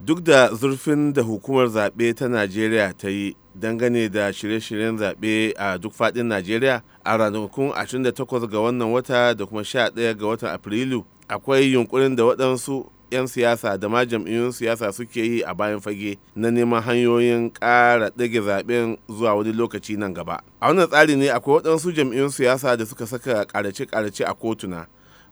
duk da zurfin da hukumar zaɓe ta najeriya ta yi dangane da shirye-shiryen zaɓe a duk faɗin najeriya a ranakun 28 ga wannan wata da kuma 11 ga watan afrilu akwai yunkurin da waɗansu 'yan siyasa da ma jam'iyyun siyasa suke yi a bayan fage na neman hanyoyin ƙara ɗage zaɓen zuwa wani lokaci nan gaba a wannan tsari ne akwai waɗansu jam'iyyun siyasa da suka saka ƙarace-ƙarace a kotuna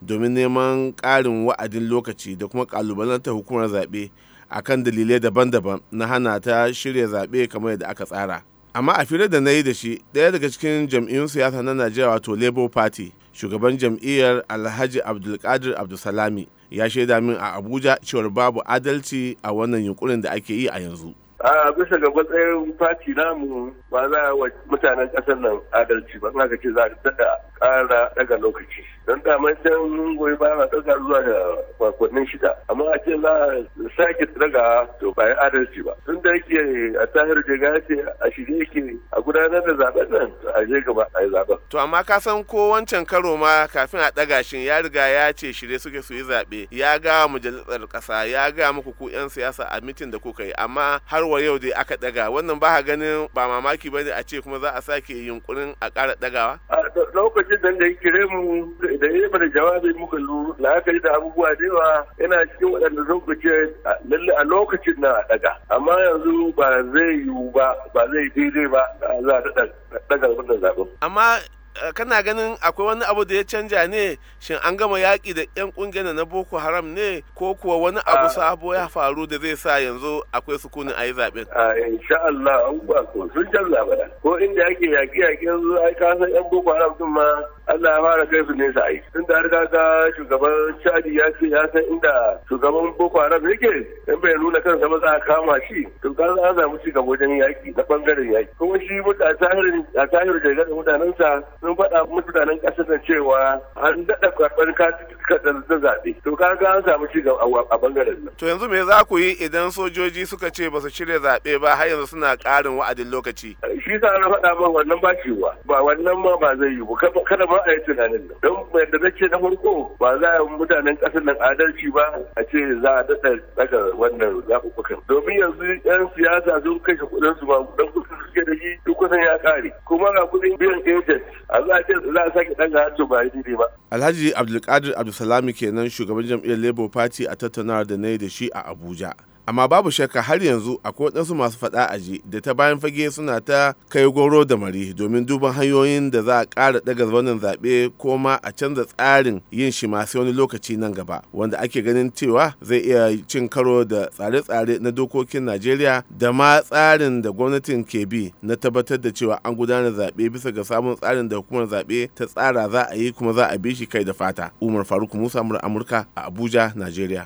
domin neman ƙarin wa'adin lokaci da kuma ƙalubalantar hukumar zaɓe akan dalilai daban-daban na hana ta shirya zaɓe kamar yadda aka tsara amma a fira da na yi da shi ɗaya daga cikin jam'iyyun siyasa na najeriya wato labour party shugaban jam'iyyar alhaji abdulkadir abdulsalami ya shaida min a abuja cewar babu adalci a wannan yunkurin da ake yi a yanzu a bisa ga matsayin fati namu ba za a wa mutanen ƙasar nan adalci ba ina ce za a daɗa ƙara daga lokaci don daman can goyi ba a daga zuwa da makonnin shida amma a ce za a sake daga to ba adalci ba tun da yake a tahir jiga ce a shirye yake a gudanar da zaben nan a je gaba a yi zaben to amma ka san ko wancan karo ma kafin a ɗaga shi ya riga ya ce shirye suke su yi zaɓe ya ga majalisar ƙasa ya ga muku ku 'yan siyasa a mitin da kuka yi amma har wa yau dai aka ɗaga wannan ba ganin ba mamaki ba ne a ce kuma za a sake yunkurin a ƙara ɗagawa. lokacin da ya kire mu da ya mana jawabi muka lura la'akari da abubuwa da yawa yana cikin waɗanda sun fice lalle a lokacin na ɗaga amma yanzu ba zai yiwu ba ba zai daidai ba za a daɗa ɗaga wannan zaɓen. amma Eh, kana ganin akwai wani abu da ya canja ne shin an gama yaƙi da 'yan ƙungiyar na boko haram ne ko kuwa wani abu ah. sabo ya faru da zai sa yanzu akwai sukunin a yi zaɓen. Ah, insha Allah an sun canza ba ko inda yake yaƙi yaƙi yanzu ai ka san 'yan boko haram din ma Allah ya fara kai su sa ai tun da har ga shugaban Chadi ya ce ya san inda shugaban Boko Haram yake in bai nuna kansa ba za a kama shi to ka za a samu ci gaba wajen yaki na bangaren yaki kuma shi a tahirin a tahirin da gaɗa mutanensa sun faɗa mutanen ƙasar da cewa an daɗa karɓar katin da zaɓe to ka ga an samu ci gaba a bangaren nan. to yanzu me za ku yi idan sojoji suka ce ba su shirya zaɓe ba har yanzu suna ƙarin wa'adin lokaci. shi sa na faɗa ba wannan ba ciwa ba wannan ma ba zai yi ba kada ba a yi tunanin nan don yadda da ce na farko ba za a mutanen kasar nan adalci ba a ce za a daɗa daga wannan zaɓuɓɓukan domin yanzu 'yan siyasa sun kashe kuɗin su ba don kuɗin suke da shi duk kusan ya ƙare kuma ga kuɗin biyan agent a za a ce za a sake ɗaga hatu ba yi ba. Alhaji Abdulkadir Abdulsalami kenan shugaban jam'iyyar Labour Party a tattaunawar da na yi da shi a Abuja. amma babu shakka har yanzu akwai waɗansu masu faɗa aji da ta bayan fage suna ta kai goro da mari domin duban hanyoyin da za a ƙara ɗaga wannan zaɓe ko ma a canza tsarin yin shi masu wani lokaci nan gaba wanda ake ganin cewa zai iya cin karo da tsare-tsare na dokokin najeriya da ma tsarin da gwamnatin ke bi na tabbatar da cewa an gudanar zaɓe bisa ga samun tsarin da hukumar zaɓe ta tsara za a yi kuma za a bi shi kai da fata umar faruk musa amurka a abuja najeriya